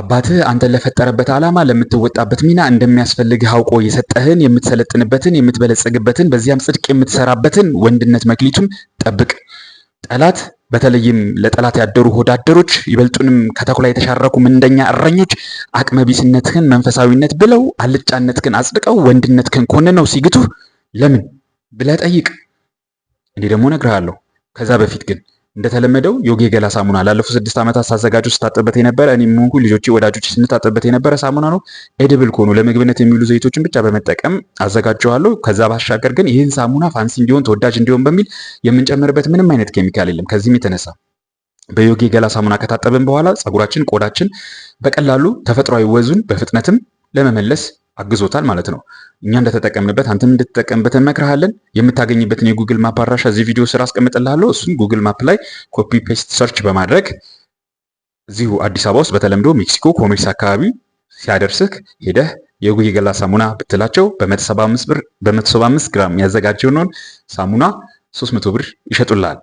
አባትህ አንተን ለፈጠረበት ዓላማ ለምትወጣበት ሚና እንደሚያስፈልግህ አውቆ የሰጠህን የምትሰለጥንበትን የምትበለጸግበትን በዚያም ጽድቅ የምትሰራበትን ወንድነት መክሊቱን ጠብቅ። ጠላት በተለይም ለጠላት ያደሩ ሆዳደሮች ይበልጡንም ከተኩላ የተሻረኩ ምንደኛ እረኞች አቅመቢስነትህን መንፈሳዊነት ብለው አልጫነትህን አጽድቀው ወንድነትህን ኮንነው ሲግቱ ለምን ብለህ ጠይቅ። እንዲህ ደግሞ እነግርሃለሁ። ከዛ በፊት ግን እንደተለመደው ዮጊ የገላ ሳሙና ላለፉት ስድስት ዓመታት ሳዘጋጁ ስታጥበት የነበረ እኔም ሆንኩ ልጆች ወዳጆች ስንታጥበት የነበረ ሳሙና ነው። ኤድብል ከሆኑ ለምግብነት የሚውሉ ዘይቶችን ብቻ በመጠቀም አዘጋጀዋለሁ። ከዛ ባሻገር ግን ይህን ሳሙና ፋንሲ እንዲሆን ተወዳጅ እንዲሆን በሚል የምንጨምርበት ምንም አይነት ኬሚካል የለም። ከዚህም የተነሳ በዮጊ የገላ ሳሙና ከታጠብን በኋላ ፀጉራችን፣ ቆዳችን በቀላሉ ተፈጥሯዊ ወዙን በፍጥነትም ለመመለስ አግዞታል ማለት ነው። እኛ እንደተጠቀምንበት አንተም እንድትጠቀምበት እንመክርሃለን። የምታገኝበትን የጉግል ማፕ አድራሻ እዚህ ቪዲዮ ስራ አስቀምጥልሃለሁ። እሱን ጉግል ማፕ ላይ ኮፒ ፔስት ሰርች በማድረግ እዚሁ አዲስ አበባ ውስጥ በተለምዶ ሜክሲኮ ኮሜርስ አካባቢ ሲያደርስህ ሄደህ ገላ ሳሙና ብትላቸው በ175 ግራም ያዘጋጀውን ሳሙና 300 ብር ይሸጡልሃል።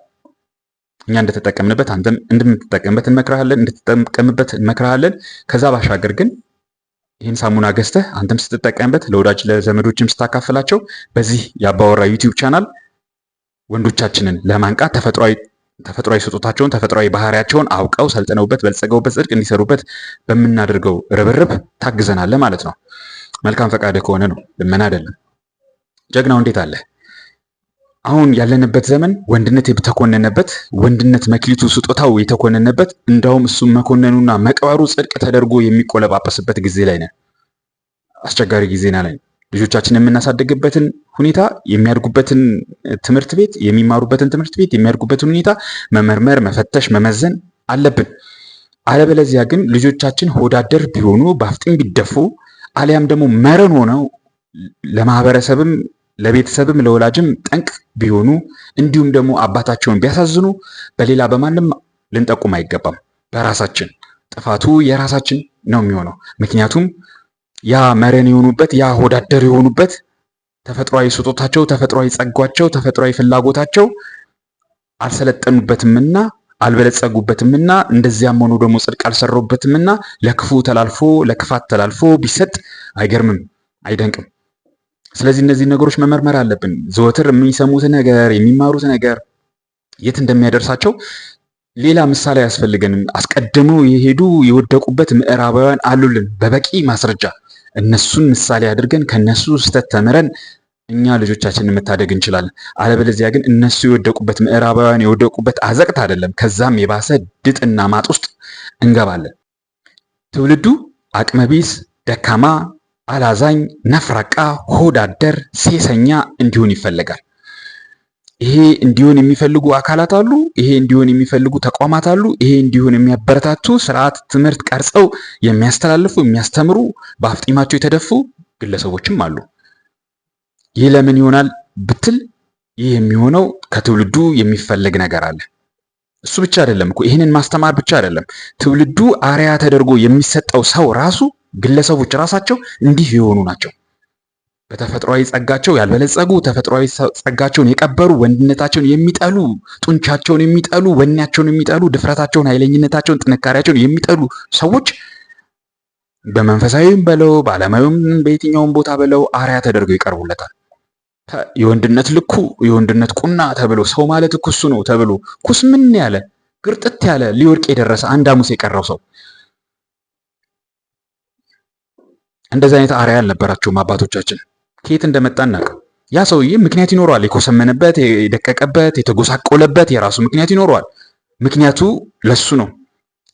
እኛ እንደተጠቀምንበት አንተም እንደምትጠቀምበት እንመክርሃለን እንድትጠቀምበት እንመክርሃለን። ከዛ ባሻገር ግን ይህን ሳሙና ገዝተህ አንተም ስትጠቀምበት ለወዳጅ ለዘመዶችም ስታካፍላቸው በዚህ የአባወራ ዩቲዩብ ቻናል ወንዶቻችንን ለማንቃት ተፈጥሯዊ ተፈጥሯዊ ስጦታቸውን ተፈጥሯዊ ባህሪያቸውን አውቀው ሰልጥነውበት በልጸገውበት ጽድቅ እንዲሰሩበት በምናደርገው ርብርብ ታግዘናለ ማለት ነው። መልካም ፈቃድ ከሆነ ነው፣ ልመና አይደለም። ጀግናው እንዴት አለ? አሁን ያለንበት ዘመን ወንድነት የተኮነነበት ወንድነት መክሊቱ ስጦታው የተኮነነበት እንዳውም እሱም መኮነኑና መቅበሩ ጽድቅ ተደርጎ የሚቆለጳጰስበት ጊዜ ላይ ነን። አስቸጋሪ ጊዜና ላይ ልጆቻችን የምናሳደግበትን ሁኔታ የሚያድጉበትን ትምህርት ቤት የሚማሩበትን ትምህርት ቤት የሚያድጉበትን ሁኔታ መመርመር፣ መፈተሽ፣ መመዘን አለብን። አለበለዚያ ግን ልጆቻችን ሆዳደር ቢሆኑ በአፍጢም ቢደፉ አሊያም ደግሞ መረን ሆነው ለማህበረሰብም ለቤተሰብም ለወላጅም ጠንቅ ቢሆኑ እንዲሁም ደግሞ አባታቸውን ቢያሳዝኑ በሌላ በማንም ልንጠቁም አይገባም። በራሳችን ጥፋቱ የራሳችን ነው የሚሆነው። ምክንያቱም ያ መረን የሆኑበት ያ ሆዳደር የሆኑበት ተፈጥሯዊ ስጦታቸው፣ ተፈጥሯዊ ጸጓቸው፣ ተፈጥሯዊ ፍላጎታቸው አልሰለጠኑበትምና አልበለጸጉበትምና እንደዚያም ሆኖ ደግሞ ጽድቅ አልሰሩበትምና ለክፉ ተላልፎ ለክፋት ተላልፎ ቢሰጥ አይገርምም፣ አይደንቅም። ስለዚህ እነዚህ ነገሮች መመርመር አለብን። ዘወትር የሚሰሙት ነገር፣ የሚማሩት ነገር የት እንደሚያደርሳቸው ሌላ ምሳሌ አያስፈልገንም። አስቀድመው የሄዱ የወደቁበት ምዕራባውያን አሉልን በበቂ ማስረጃ። እነሱን ምሳሌ አድርገን ከነሱ ስህተት ተምረን እኛ ልጆቻችንን መታደግ እንችላለን። አለበለዚያ ግን እነሱ የወደቁበት ምዕራባውያን የወደቁበት አዘቅት አይደለም፣ ከዛም የባሰ ድጥና ማጥ ውስጥ እንገባለን። ትውልዱ አቅመቢስ፣ ደካማ አላዛኝ፣ ነፍራቃ፣ ሆዳደር፣ ሴሰኛ እንዲሆን ይፈለጋል። ይሄ እንዲሆን የሚፈልጉ አካላት አሉ። ይሄ እንዲሆን የሚፈልጉ ተቋማት አሉ። ይሄ እንዲሆን የሚያበረታቱ ስርዓት ትምህርት ቀርጸው የሚያስተላልፉ የሚያስተምሩ በአፍጢማቸው የተደፉ ግለሰቦችም አሉ። ይህ ለምን ይሆናል ብትል ይህ የሚሆነው ከትውልዱ የሚፈለግ ነገር አለ። እሱ ብቻ አይደለም እኮ ይህንን ማስተማር ብቻ አይደለም፣ ትውልዱ አርያ ተደርጎ የሚሰጠው ሰው ራሱ ግለሰቦች ራሳቸው እንዲህ የሆኑ ናቸው። በተፈጥሯዊ ጸጋቸው ያልበለጸጉ፣ ተፈጥሯዊ ጸጋቸውን የቀበሩ፣ ወንድነታቸውን የሚጠሉ፣ ጡንቻቸውን የሚጠሉ፣ ወኔያቸውን የሚጠሉ፣ ድፍረታቸውን፣ ኃይለኝነታቸውን፣ ጥንካሬያቸውን የሚጠሉ ሰዎች በመንፈሳዊም በለው በዓለማዊም በየትኛውም ቦታ በለው አርያ ተደርገው ይቀርቡለታል። የወንድነት ልኩ የወንድነት ቁና ተብሎ ሰው ማለት ኩሱ ነው ተብሎ ኩስ ምን ያለ ግርጥት ያለ ሊወድቅ የደረሰ አንድ አሙስ የቀረው ሰው እንደዚህ አይነት አርያ አልነበራቸውም አባቶቻችን። ከየት እንደመጣ እናቅ። ያ ሰውዬ ምክንያት ይኖረዋል። የኮሰመነበት፣ የደቀቀበት፣ የተጎሳቆለበት የራሱ ምክንያት ይኖረዋል። ምክንያቱ ለሱ ነው።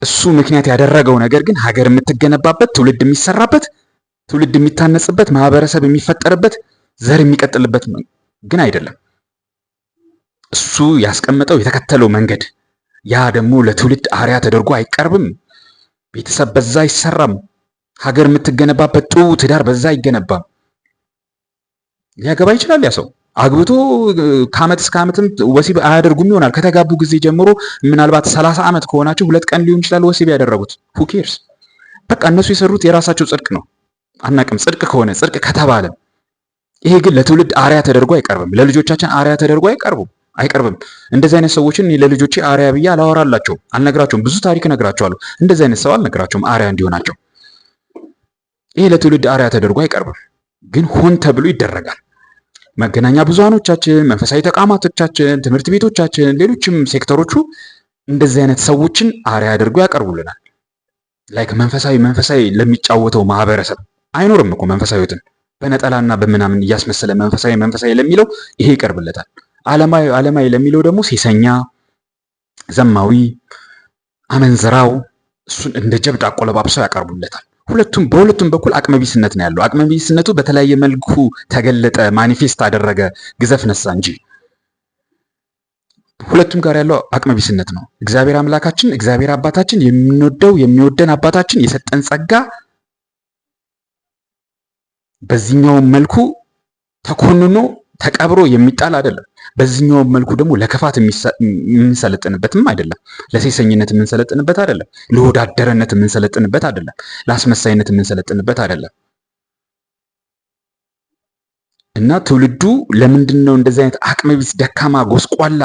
እሱ ምክንያት ያደረገው ነገር ግን ሀገር የምትገነባበት፣ ትውልድ የሚሰራበት፣ ትውልድ የሚታነጽበት፣ ማህበረሰብ የሚፈጠርበት፣ ዘር የሚቀጥልበት ግን አይደለም። እሱ ያስቀመጠው የተከተለው መንገድ ያ ደግሞ ለትውልድ አርያ ተደርጎ አይቀርብም። ቤተሰብ በዛ አይሰራም። ሀገር የምትገነባበት ጥሩ ትዳር በዛ አይገነባም። ሊያገባ ይችላል ያ ሰው አግብቶ ከአመት እስከ አመትም ወሲብ አያደርጉም ይሆናል። ከተጋቡ ጊዜ ጀምሮ ምናልባት ሰላሳ ዓመት ከሆናቸው ሁለት ቀን ሊሆን ይችላል ወሲብ ያደረጉት። ሁኬርስ በቃ እነሱ የሰሩት የራሳቸው ጽድቅ ነው። አናቅም ጽድቅ ከሆነ ጽድቅ ከተባለ ይሄ ግን ለትውልድ አርያ ተደርጎ አይቀርብም። ለልጆቻችን አርያ ተደርጎ አይቀርቡም አይቀርብም። እንደዚህ አይነት ሰዎችን ለልጆቼ አርያ ብዬ አላወራላቸውም፣ አልነግራቸውም። ብዙ ታሪክ ነግራቸዋለሁ። እንደዚህ አይነት ሰው አልነግራቸውም አርያ እንዲሆናቸው ይሄ ለትውልድ አርያ ተደርጎ አይቀርብም፣ ግን ሆን ተብሎ ይደረጋል። መገናኛ ብዙሃኖቻችን፣ መንፈሳዊ ተቋማቶቻችን፣ ትምህርት ቤቶቻችን፣ ሌሎችም ሴክተሮቹ እንደዚህ አይነት ሰዎችን አርያ አድርገው ያቀርቡልናል። ላይክ መንፈሳዊ መንፈሳዊ ለሚጫወተው ማህበረሰብ አይኖርም እኮ መንፈሳዊትን በነጠላና በምናምን እያስመሰለ መንፈሳዊ መንፈሳዊ ለሚለው ይሄ ይቀርብለታል። ዓለማዊ ዓለማዊ ለሚለው ደግሞ ሴሰኛ፣ ዘማዊ፣ አመንዝራው እሱን እንደ ጀብድ አቆለባብሰው ያቀርቡለታል። ሁለቱም በሁለቱም በኩል አቅመቢስነት ነው ያለው። አቅመቢስነቱ በተለያየ መልኩ ተገለጠ፣ ማኒፌስት አደረገ፣ ግዘፍ ነሳ እንጂ ሁለቱም ጋር ያለው አቅመቢስነት ነው። እግዚአብሔር አምላካችን እግዚአብሔር አባታችን የምንወደው የሚወደን አባታችን የሰጠን ጸጋ በዚህኛው መልኩ ተኮንኖ ተቀብሮ የሚጣል አይደለም። በዚህኛው መልኩ ደግሞ ለክፋት የምንሰለጥንበትም አይደለም። ለሴሰኝነት የምንሰለጥንበት አይደለም። ለወዳደረነት የምንሰለጥንበት አይደለም። ለአስመሳይነት የምንሰለጥንበት አይደለም። እና ትውልዱ ለምንድን ነው እንደዚህ አይነት አቅመ ቢስ ደካማ፣ ጎስቋላ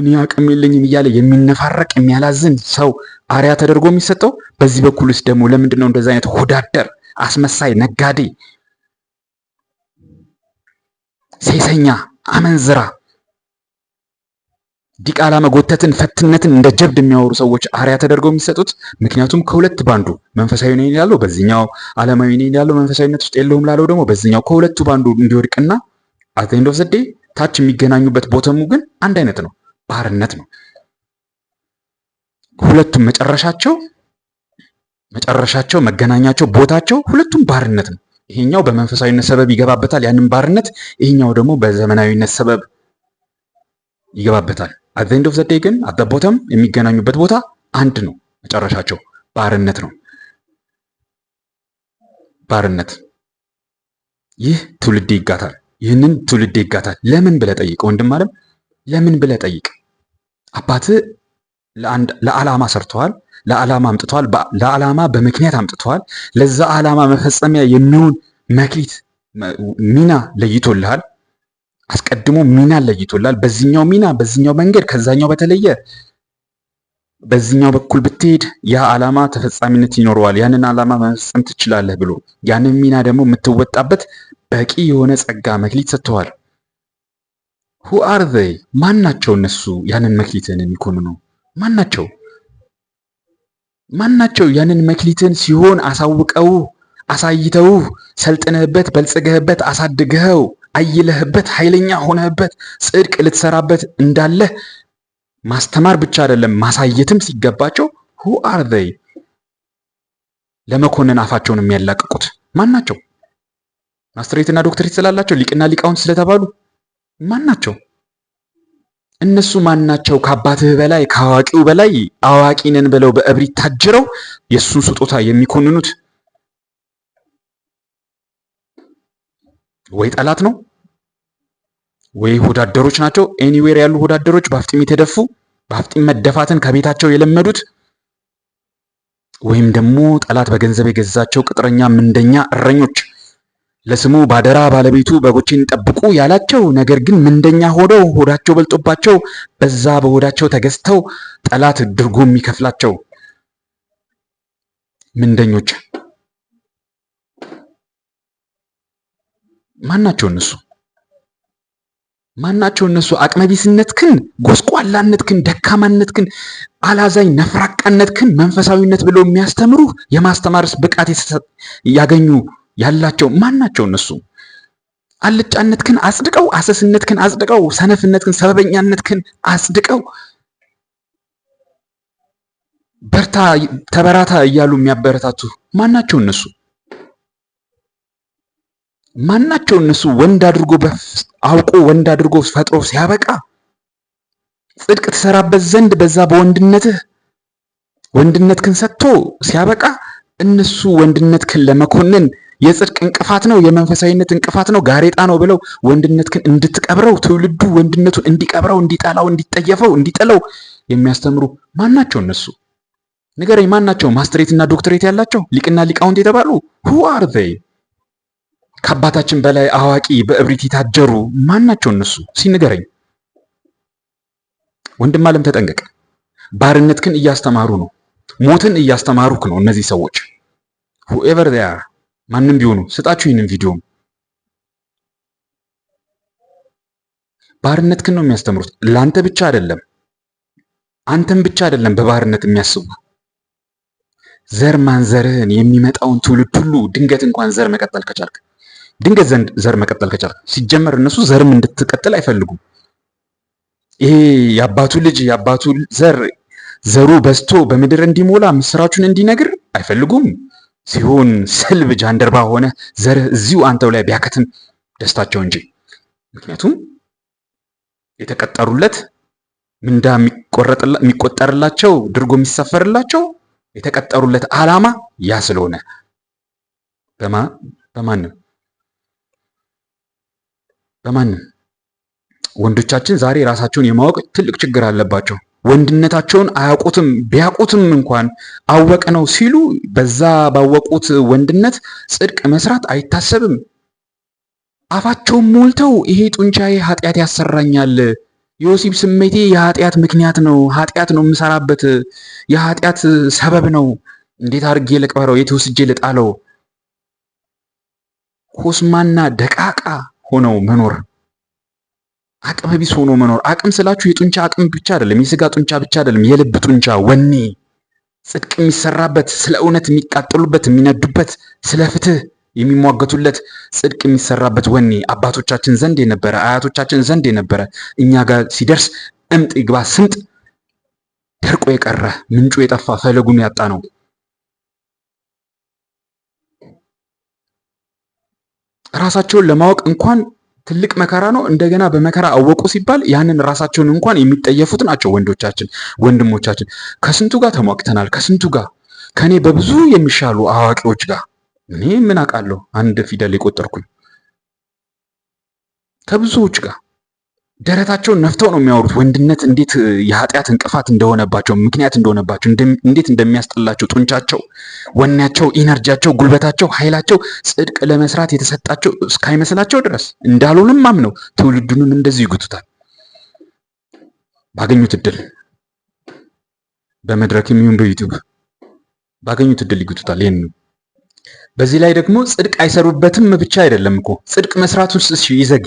እኔ አቅም የለኝም እያለ የሚነፋረቅ የሚያላዝን ሰው አሪያ ተደርጎ የሚሰጠው? በዚህ በኩልስ ደግሞ ለምንድን ነው እንደዚህ አይነት ወዳደር፣ አስመሳይ ነጋዴ ሴሰኛ፣ አመንዝራ፣ ዲቃላ መጎተትን፣ ፈትነትን እንደ ጀብድ የሚያወሩ ሰዎች አርያ ተደርገው የሚሰጡት ምክንያቱም ከሁለት ባንዱ መንፈሳዊ ነኝ ያለው በዚኛው ዓለማዊ ነኝ ያለው መንፈሳዊነት ውስጥ የለውም ላለው ደግሞ በዚኛው ከሁለቱ ባንዱ እንዲወድቅና አት ኤንድ ኦፍ ዘ ዴይ ታች የሚገናኙበት ቦተሙ ግን አንድ አይነት ነው፣ ባርነት ነው። ሁለቱም መጨረሻቸው መጨረሻቸው መገናኛቸው ቦታቸው ሁለቱም ባርነት ነው። ይሄኛው በመንፈሳዊነት ሰበብ ይገባበታል ያንን ባርነት፣ ይሄኛው ደግሞ በዘመናዊነት ሰበብ ይገባበታል። አት ኤንድ ኦፍ ዘ ዴይ ግን አት ቦተም የሚገናኙበት ቦታ አንድ ነው። መጨረሻቸው ባርነት ነው። ባርነት ይህ ትውልድ ይጋታል። ይህንን ትውልድ ይጋታል። ለምን ብለህ ጠይቅ ወንድም አለም፣ ለምን ብለህ ጠይቅ። ለአንድ ለአላማ ሰርተዋል። ለዓላማ አምጥተዋል። ለዓላማ በምክንያት አምጥተዋል። ለዛ ዓላማ መፈጸሚያ የሚሆን መክሊት ሚና ለይቶልሃል። አስቀድሞ ሚና ለይቶልሃል። በዚህኛው ሚና በዚህኛው መንገድ ከዛኛው በተለየ በዚህኛው በኩል ብትሄድ ያ ዓላማ ተፈጻሚነት ይኖረዋል። ያንን ዓላማ መፈጸም ትችላለህ ብሎ ያንን ሚና ደግሞ የምትወጣበት በቂ የሆነ ጸጋ መክሊት ሰጥተዋል። ሁ አር ዘይ ማን ናቸው እነሱ? ያንን መክሊትን የሚኮንኑ ማን ናቸው? ማናቸው ያንን መክሊትን ሲሆን አሳውቀው አሳይተው ሰልጥነህበት በልጽገህበት አሳድገኸው አይለህበት ኃይለኛ ሆነህበት ጽድቅ ልትሰራበት እንዳለህ ማስተማር ብቻ አይደለም ማሳየትም ሲገባቸው ሁ አር ዘይ ለመኮንን አፋቸውን የሚያላቅቁት ማን ናቸው? ማስትሬትና ዶክትሬት ስላላቸው ሊቅና ሊቃውንት ስለተባሉ ማን ናቸው? እነሱ ማናቸው? ከአባትህ በላይ ከአዋቂው በላይ አዋቂ ነን ብለው በእብሪት ታጅረው የእሱን ስጦታ የሚኮንኑት ወይ ጠላት ነው ወይ ሆዳደሮች ናቸው። ኤኒዌር ያሉ ሆዳደሮች በአፍጢም የተደፉ በአፍጢም መደፋትን ከቤታቸው የለመዱት ወይም ደግሞ ጠላት በገንዘብ የገዛቸው ቅጥረኛ፣ ምንደኛ፣ እረኞች ለስሙ ባደራ ባለቤቱ በጎችን ጠብቁ ያላቸው፣ ነገር ግን ምንደኛ ሆነው ሆዳቸው በልጦባቸው በዛ በሆዳቸው ተገዝተው ጠላት ድርጎ የሚከፍላቸው ምንደኞች ማናቸው? እነሱ ማናቸው? እነሱ አቅመቢስነትክን፣ ጎስቋላነትክን፣ ደካማነትክን፣ አላዛኝ ነፍራቃነትክን መንፈሳዊነት ብለው የሚያስተምሩ የማስተማርስ ብቃት ያገኙ ያላቸው ማን ናቸው እነሱ? አልጫነትክን አጽድቀው፣ አሰስነትክን አጽድቀው፣ ሰነፍነትክን፣ ሰበበኛነትክን አጽድቀው በርታ ተበራታ እያሉ የሚያበረታቱ ማናቸው እነሱ? ማናቸው እነሱ? ወንድ አድርጎ አውቆ ወንድ አድርጎ ፈጥሮ ሲያበቃ ጽድቅ ትሰራበት ዘንድ በዛ በወንድነትህ ወንድነትክን ሰጥቶ ሲያበቃ እነሱ ወንድነትክን ለመኮንን የጽድቅ እንቅፋት ነው፣ የመንፈሳዊነት እንቅፋት ነው፣ ጋሬጣ ነው ብለው ወንድነትህን እንድትቀብረው ትውልዱ ወንድነቱን እንዲቀብረው፣ እንዲጠላው፣ እንዲጠየፈው፣ እንዲጥለው የሚያስተምሩ ማን ናቸው? እነሱ ንገረኝ። ማን ናቸው? ማስትሬትና ዶክትሬት ያላቸው ሊቅና ሊቃውንት የተባሉ ሁ አር ዘይ? ከአባታችን በላይ አዋቂ በእብሪት የታጀሩ ማን ናቸው? እነሱ ሲንገረኝ። ወንድም አለም ተጠንቀቅ። ባርነትህን እያስተማሩ ነው፣ ሞትን እያስተማሩክ ነው እነዚህ ሰዎች ሁኤቨር ዜይ አር ማንም ቢሆኑ ስጣችሁ ይህንን ቪዲዮ። ባርነት ክን ነው የሚያስተምሩት። ለአንተ ብቻ አይደለም፣ አንተም ብቻ አይደለም በባርነት የሚያስቡ ዘር ማንዘርህን የሚመጣውን ትውልድ ሁሉ ድንገት እንኳን ዘር መቀጠል ከቻልክ ድንገት ዘንድ ዘር መቀጠል ከቻልክ ሲጀመር እነሱ ዘርም እንድትቀጥል አይፈልጉም። ይሄ የአባቱ ልጅ የአባቱ ዘር ዘሩ በዝቶ በምድር እንዲሞላ ምስራቹን እንዲነግር አይፈልጉም። ሲሆን ሰልብ ጃንደርባ ሆነ ዘርህ እዚሁ አንተው ላይ ቢያከትም ደስታቸው እንጂ። ምክንያቱም የተቀጠሩለት ምንዳ የሚቆጠርላቸው ድርጎ የሚሰፈርላቸው የተቀጠሩለት ዓላማ ያ ስለሆነ በማንም በማንም ወንዶቻችን ዛሬ ራሳቸውን የማወቅ ትልቅ ችግር አለባቸው። ወንድነታቸውን አያውቁትም። ቢያውቁትም እንኳን አወቅ ነው ሲሉ በዛ ባወቁት ወንድነት ጽድቅ መስራት አይታሰብም። አፋቸውን ሞልተው ይሄ ጡንቻዬ ኃጢአት ያሰራኛል፣ የወሲብ ስሜቴ የኃጢአት ምክንያት ነው፣ ኃጢአት ነው የምሰራበት፣ የኃጢአት ሰበብ ነው፣ እንዴት አድርጌ ልቅበረው? የት ወስጄ ልጣለው? ኮስማና ደቃቃ ሆነው መኖር አቅመ ቢስ ሆኖ መኖር። አቅም ስላችሁ የጡንቻ አቅም ብቻ አይደለም፣ የስጋ ጡንቻ ብቻ አይደለም፣ የልብ ጡንቻ፣ ወኔ፣ ጽድቅ የሚሰራበት፣ ስለ እውነት የሚቃጠሉበት፣ የሚነዱበት፣ ስለ ፍትህ የሚሟገቱለት ጽድቅ የሚሰራበት ወኔ አባቶቻችን ዘንድ የነበረ አያቶቻችን ዘንድ የነበረ እኛ ጋር ሲደርስ እምጥ ይግባ ስምጥ ደርቆ የቀረ ምንጩ የጠፋ ፈለጉን ያጣ ነው። ራሳቸውን ለማወቅ እንኳን ትልቅ መከራ ነው። እንደገና በመከራ አወቁ ሲባል ያንን ራሳቸውን እንኳን የሚጠየፉት ናቸው ወንዶቻችን፣ ወንድሞቻችን። ከስንቱ ጋር ተሟግተናል፣ ከስንቱ ጋር ከኔ በብዙ የሚሻሉ አዋቂዎች ጋር እኔ ምን አውቃለሁ፣ አንድ ፊደል የቆጠርኩኝ ከብዙዎች ጋር ደረታቸውን ነፍተው ነው የሚያወሩት። ወንድነት እንዴት የኃጢአት እንቅፋት እንደሆነባቸው ምክንያት እንደሆነባቸው እንዴት እንደሚያስጠላቸው ጡንቻቸው፣ ወኔያቸው፣ ኢነርጂያቸው፣ ጉልበታቸው፣ ኃይላቸው ጽድቅ ለመስራት የተሰጣቸው እስካይመስላቸው ድረስ እንዳልሆንም አምነው ትውልዱንም እንደዚህ ይጉቱታል። ባገኙት እድል በመድረክ የሚሆን በዩቲዩብ ባገኙት እድል ይጉቱታል። ይህን በዚህ ላይ ደግሞ ጽድቅ አይሰሩበትም ብቻ አይደለም እኮ ጽድቅ መስራቱ ውስጥ ይዘግ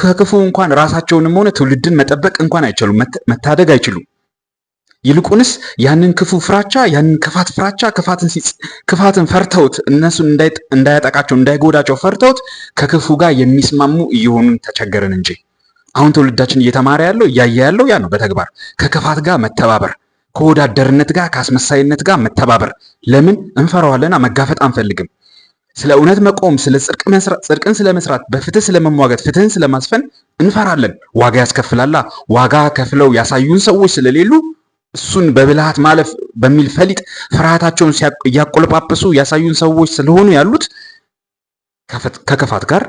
ከክፉ እንኳን ራሳቸውንም ሆነ ትውልድን መጠበቅ እንኳን አይችሉም፣ መታደግ አይችሉም። ይልቁንስ ያንን ክፉ ፍራቻ፣ ያንን ክፋት ፍራቻ ክፋትን ፈርተውት እነሱን እንዳያጠቃቸው እንዳይጎዳቸው ፈርተውት ከክፉ ጋር የሚስማሙ እየሆኑ ተቸገርን እንጂ አሁን ትውልዳችን እየተማረ ያለው እያየ ያለው ያ ነው። በተግባር ከክፋት ጋር መተባበር ከወዳደርነት ጋር ከአስመሳይነት ጋር መተባበር ለምን እንፈራዋለና መጋፈጥ አንፈልግም። ስለ እውነት መቆም፣ ስለ ጽድቅን ስለመስራት፣ በፍትህ ስለመሟገት፣ ፍትህን ስለማስፈን እንፈራለን። ዋጋ ያስከፍላላ። ዋጋ ከፍለው ያሳዩን ሰዎች ስለሌሉ እሱን በብልሃት ማለፍ በሚል ፈሊጥ ፍርሃታቸውን እያቆለጳጰሱ ያሳዩን ሰዎች ስለሆኑ ያሉት ከክፋት ጋር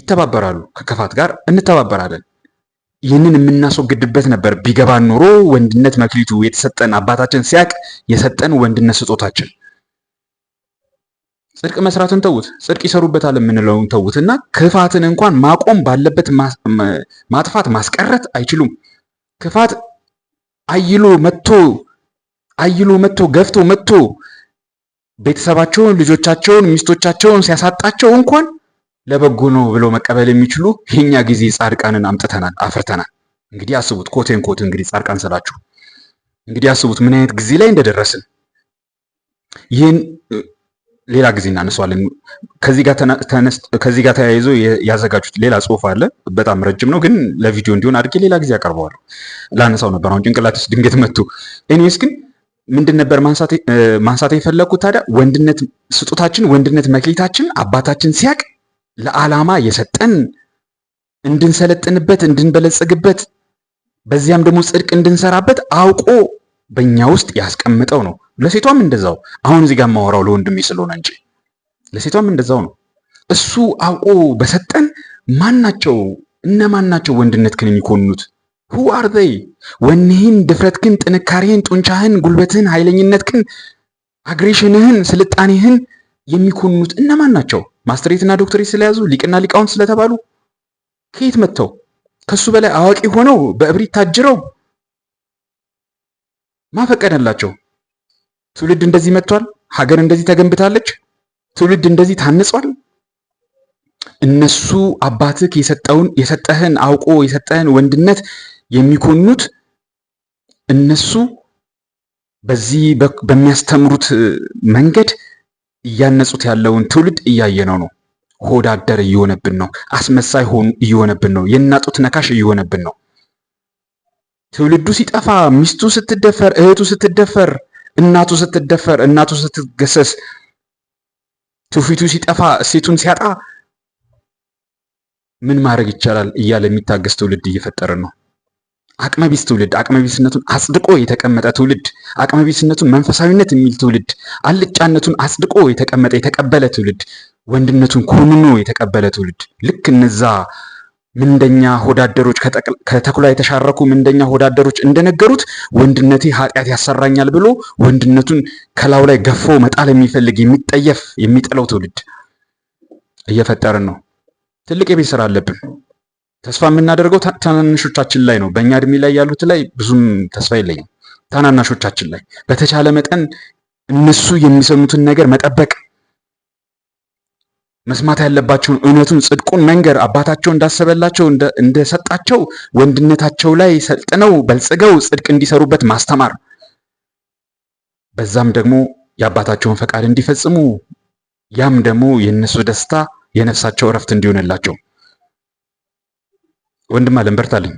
ይተባበራሉ። ከክፋት ጋር እንተባበራለን። ይህንን የምናስወግድበት ነበር። ቢገባን ኖሮ ወንድነት መክሊቱ የተሰጠን አባታችን ሲያቅ የሰጠን ወንድነት ስጦታችን። ጽድቅ መስራትን ተዉት፣ ጽድቅ ይሰሩበታል የምንለውን ተዉት እና ክፋትን እንኳን ማቆም ባለበት ማጥፋት ማስቀረት አይችሉም። ክፋት አይሎ መጥቶ አይሎ መጥቶ ገፍቶ መጥቶ ቤተሰባቸውን፣ ልጆቻቸውን፣ ሚስቶቻቸውን ሲያሳጣቸው እንኳን ለበጎ ነው ብለው መቀበል የሚችሉ የኛ ጊዜ ጻድቃንን አምጥተናል አፍርተናል። እንግዲህ አስቡት ኮቴን ኮት እንግዲህ ጻድቃን ስላችሁ እንግዲህ አስቡት ምን አይነት ጊዜ ላይ እንደደረስን። ይህን ሌላ ጊዜ እናነሷለን። ከዚህ ጋር ተያይዞ ያዘጋጁት ሌላ ጽሁፍ አለ። በጣም ረጅም ነው፣ ግን ለቪዲዮ እንዲሆን አድርጌ ሌላ ጊዜ አቀርበዋለሁ። ላነሳው ነበር አሁን ጭንቅላት ውስጥ ድንገት መጥቶ። እኔስ ግን ምንድን ነበር ማንሳት የፈለግኩት ታዲያ ወንድነት ስጦታችን፣ ወንድነት መክሊታችን አባታችን ሲያቅ ለዓላማ የሰጠን እንድንሰለጥንበት፣ እንድንበለጽግበት በዚያም ደግሞ ጽድቅ እንድንሰራበት አውቆ በእኛ ውስጥ ያስቀምጠው ነው። ለሴቷም እንደዛው አሁን እዚህ ጋር የማወራው ለወንድሜ ስለሆነ እንጂ ለሴቷም እንደዛው ነው። እሱ አውቆ በሰጠን ማናቸው ወንድነት ክን የሚኮኑት? ሁ አር ዘይ ወኔህን፣ ድፍረትክን፣ ጥንካሬህን፣ ጡንቻህን፣ ጉልበትህን፣ ኃይለኝነትህን፣ አግሬሽንህን፣ ስልጣኔህን የሚኮኑት እነማን ናቸው? እና ዶክትሬት ስለያዙ ሊቅና ሊቃውንት ስለተባሉ ከየት መጥተው ከሱ በላይ አዋቂ ሆነው በእብሪት ታጅረው ማፈቀደላቸው ትውልድ እንደዚህ መጥቷል። ሀገር እንደዚህ ተገንብታለች። ትውልድ እንደዚህ ታንጿል። እነሱ አባትህ የሰጠውን የሰጠህን አውቆ የሰጠህን ወንድነት የሚኮኑት እነሱ በዚህ በሚያስተምሩት መንገድ እያነጹት ያለውን ትውልድ እያየነው ነው። ሆድ አደር እየሆነብን ነው። አስመሳይ ሆኑ እየሆነብን ነው። የእናጡት ነካሽ እየሆነብን ነው። ትውልዱ ሲጠፋ፣ ሚስቱ ስትደፈር፣ እህቱ ስትደፈር፣ እናቱ ስትደፈር፣ እናቱ ስትገሰስ፣ ትውፊቱ ሲጠፋ፣ እሴቱን ሲያጣ ምን ማድረግ ይቻላል እያለ የሚታገስ ትውልድ እየፈጠርን ነው። አቅመቢስ ትውልድ አቅመቢስነቱን አጽድቆ የተቀመጠ ትውልድ አቅመቢስነቱን መንፈሳዊነት የሚል ትውልድ አልጫነቱን አጽድቆ የተቀመጠ የተቀበለ ትውልድ ወንድነቱን ኮንኖ የተቀበለ ትውልድ ልክ እነዛ ምንደኛ ሆዳደሮች ከተኩላ የተሻረኩ ምንደኛ ሆዳደሮች እንደነገሩት ወንድነቴ ኃጢአት ያሰራኛል ብሎ ወንድነቱን ከላዩ ላይ ገፎ መጣል የሚፈልግ የሚጠየፍ የሚጥለው ትውልድ እየፈጠርን ነው። ትልቅ የቤት ስራ አለብን። ተስፋ የምናደርገው ታናናሾቻችን ላይ ነው። በእኛ እድሜ ላይ ያሉት ላይ ብዙም ተስፋ የለኝም። ታናናሾቻችን ላይ በተቻለ መጠን እነሱ የሚሰሙትን ነገር መጠበቅ፣ መስማት ያለባቸውን እውነቱን፣ ጽድቁን መንገር አባታቸው እንዳሰበላቸው እንደሰጣቸው ወንድነታቸው ላይ ሰልጥነው በልጽገው ጽድቅ እንዲሰሩበት ማስተማር፣ በዛም ደግሞ የአባታቸውን ፈቃድ እንዲፈጽሙ፣ ያም ደግሞ የእነሱ ደስታ የነፍሳቸው እረፍት እንዲሆንላቸው ወንድም አለን በርታለን።